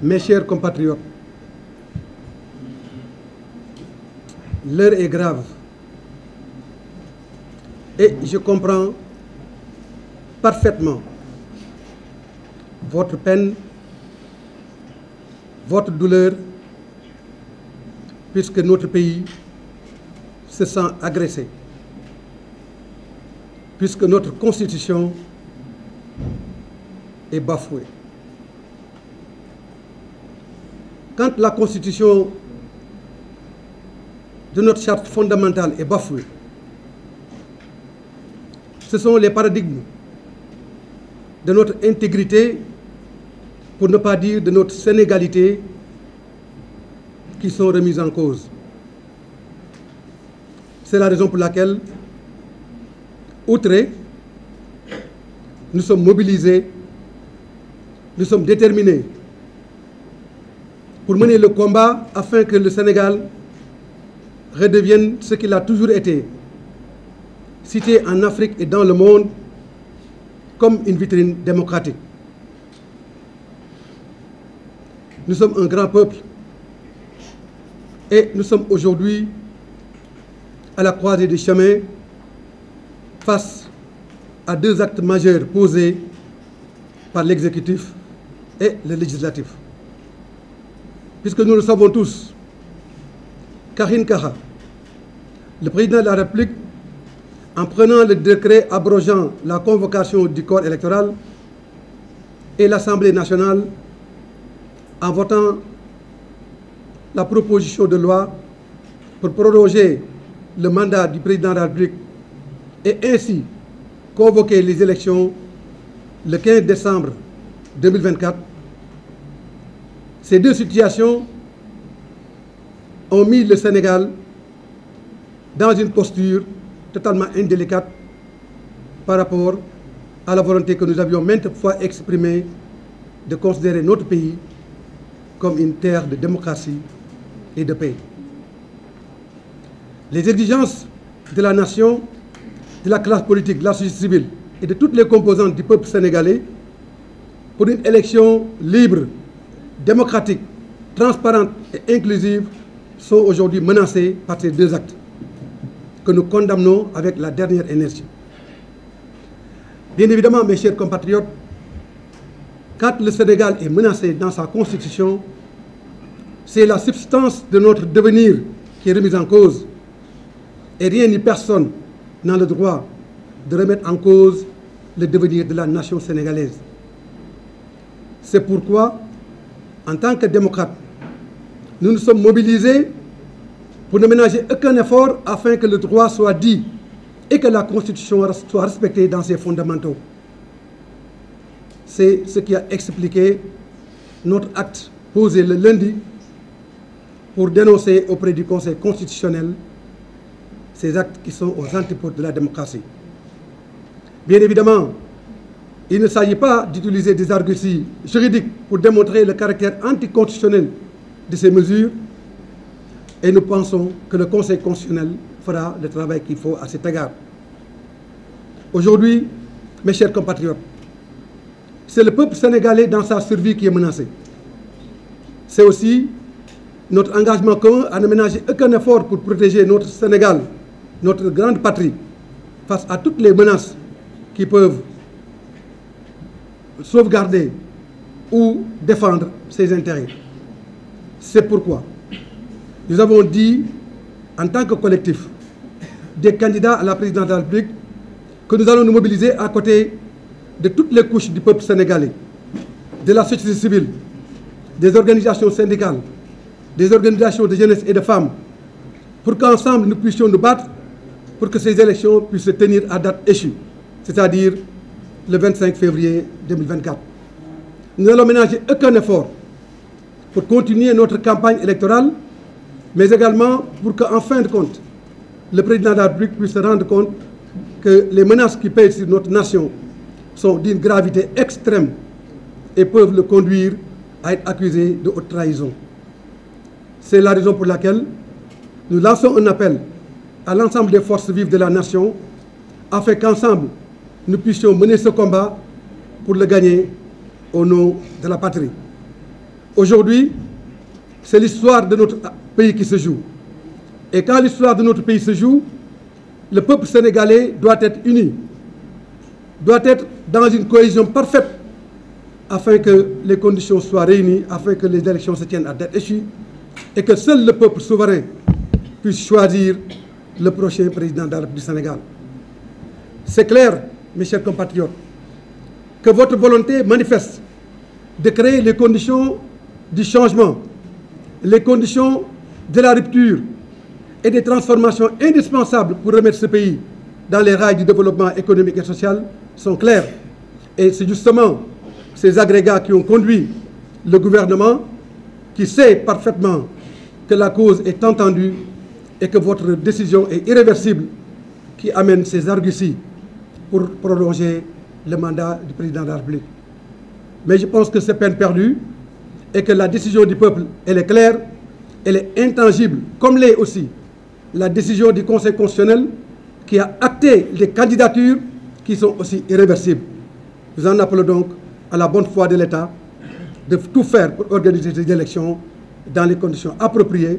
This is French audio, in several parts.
Mes chers compatriotes, l'heure est grave. Et je comprends parfaitement votre peine, votre douleur, puisque notre pays se sent agressé, puisque notre constitution est bafouée. Quand la constitution de notre charte fondamentale est bafouée, ce sont les paradigmes de notre intégrité, pour ne pas dire de notre sénégalité, qui sont remis en cause. C'est la raison pour laquelle, outre, nous sommes mobilisés, nous sommes déterminés pour mener le combat afin que le Sénégal redevienne ce qu'il a toujours été, cité en Afrique et dans le monde comme une vitrine démocratique. Nous sommes un grand peuple et nous sommes aujourd'hui à la croisée du chemin face à deux actes majeurs posés par l'exécutif et le législatif. Puisque nous le savons tous, Karine Kaha, le président de la République, en prenant le décret abrogeant la convocation du corps électoral et l'Assemblée nationale, en votant la proposition de loi pour proroger le mandat du président de et ainsi convoquer les élections le 15 décembre 2024, ces deux situations ont mis le Sénégal dans une posture totalement indélicate par rapport à la volonté que nous avions maintes fois exprimée de considérer notre pays comme une terre de démocratie et de paix. Les exigences de la nation, de la classe politique, de la société civile et de toutes les composantes du peuple sénégalais pour une élection libre, démocratique, transparente et inclusive sont aujourd'hui menacées par ces deux actes que nous condamnons avec la dernière énergie. Bien évidemment, mes chers compatriotes, quand le Sénégal est menacé dans sa constitution, c'est la substance de notre devenir qui est remise en cause. Et rien ni personne n'a le droit de remettre en cause le devenir de la nation sénégalaise. C'est pourquoi, en tant que démocrates, nous nous sommes mobilisés pour ne ménager aucun effort afin que le droit soit dit et que la Constitution soit respectée dans ses fondamentaux. C'est ce qui a expliqué notre acte posé le lundi pour dénoncer auprès du Conseil constitutionnel actes qui sont aux antipodes de la démocratie. Bien évidemment, il ne s'agit pas d'utiliser des arguties juridiques pour démontrer le caractère anticonstitutionnel de ces mesures et nous pensons que le Conseil constitutionnel fera le travail qu'il faut à cet égard. Aujourd'hui, mes chers compatriotes, c'est le peuple sénégalais dans sa survie qui est menacé. C'est aussi notre engagement commun à ne ménager aucun effort pour protéger notre Sénégal notre grande patrie face à toutes les menaces qui peuvent sauvegarder ou défendre ses intérêts. C'est pourquoi nous avons dit, en tant que collectif, des candidats à la présidence de la République, que nous allons nous mobiliser à côté de toutes les couches du peuple sénégalais, de la société civile, des organisations syndicales, des organisations de jeunesse et de femmes, pour qu'ensemble nous puissions nous battre pour que ces élections puissent se tenir à date échue, c'est-à-dire le 25 février 2024. Nous n'allons ménager aucun effort pour continuer notre campagne électorale, mais également pour qu'en fin de compte, le président de puisse se rendre compte que les menaces qui pèsent sur notre nation sont d'une gravité extrême et peuvent le conduire à être accusé de haute trahison. C'est la raison pour laquelle nous lançons un appel à l'ensemble des forces vives de la nation, afin qu'ensemble, nous puissions mener ce combat pour le gagner au nom de la patrie. Aujourd'hui, c'est l'histoire de notre pays qui se joue. Et quand l'histoire de notre pays se joue, le peuple sénégalais doit être uni, doit être dans une cohésion parfaite afin que les conditions soient réunies, afin que les élections se tiennent à date échue et que seul le peuple souverain puisse choisir le prochain président de du Sénégal. C'est clair, mes chers compatriotes, que votre volonté manifeste de créer les conditions du changement, les conditions de la rupture et des transformations indispensables pour remettre ce pays dans les rails du développement économique et social sont claires. Et c'est justement ces agrégats qui ont conduit le gouvernement qui sait parfaitement que la cause est entendue et que votre décision est irréversible qui amène ces arguties pour prolonger le mandat du président de la République. Mais je pense que c'est peine perdue et que la décision du peuple, elle est claire, elle est intangible, comme l'est aussi la décision du Conseil constitutionnel qui a acté les candidatures qui sont aussi irréversibles. Nous en appelons donc à la bonne foi de l'État de tout faire pour organiser des élections dans les conditions appropriées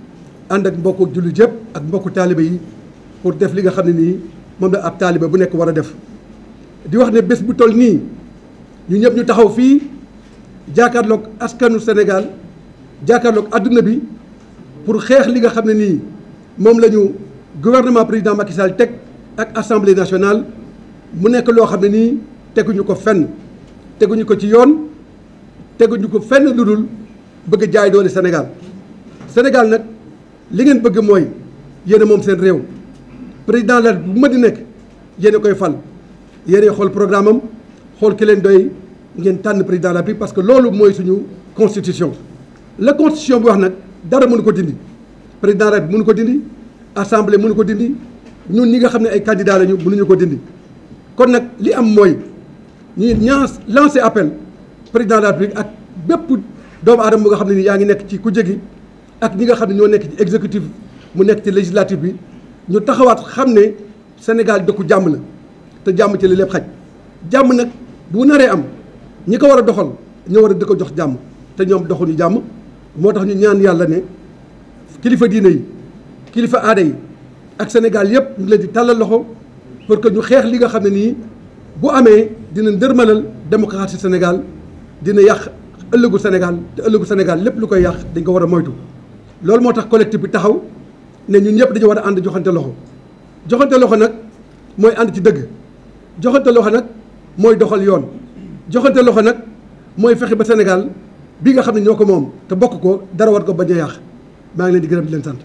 ànd ak mbokku jullit yëpp ak mbokku taaliba yi pour def li nga xam ne nii moom la ab taaliba bu nekk war a def di wax ne bés bu toll nii ñu ñëpp ñu taxaw fii jaakaarloog askanu Sénégal jaakaarloog àdduna bi pour xeex li nga xam ne nii moom lañu ñu gouvernement président Macky teg ak assemblée nationale mu nekk loo xam ne nii teguñu ko fenn teguñu ko ci yoon teguñu ko fenn lu dul bëgg jaay doole Sénégal Sénégal nag. li ngeen bëgg mooy yéen moom seen réew président la bu ma di nekk yéen koy fal yéen xool programme am xool ki leen doy ngeen tànn président la bi parce que loolu mooy suñu constitution. la constitution bi wax nag dara mënu ko dindi président la bi mënu ko dindi assemblée mënu ko dindi ñun ñi nga xam ne ay candidats lañu mënuñu ko dindi kon nag li am mooy ñuy ñaas lancer appel président de la République ak bépp doomu aadama bu nga xam ne ni yaa ngi nekk ci ku jegi ak ñi nga xam ne ñoo nekk ci exécutif mu nekk ci législatif bi ñu taxawaat xam ne Sénégal dëkku jàmm la te jàmm ci li lépp xaj jàmm nag bu naree am ñi ko war a doxal ñoo war a di ko jox jàmm te ñoom doxuñu jàmm moo tax ñu ñaan yàlla ne kilifa diine yi kilifa aada yi ak Sénégal yëpp ñu leen di tàllal loxo pour que ñu xeex li nga xam ne nii bu amee dina ndërmalal démocratie Sénégal dina yàq ëllëgu Sénégal te ëllëgu Sénégal lépp lu koy yàq dañ ko war a moytu. loolu moo tax collectif bi taxaw ne ñun ñëpp dañu war a ànd joxante loxo joxante loxo nag mooy ànd ci dëgg joxante loxo nag mooy doxal yoon joxante loxo nag mooy fexe ba senegal bi nga xam ne ñoo ko moom te bokk ko dara wat ko ba a yàq maa ngi leen di gërëm leen sant.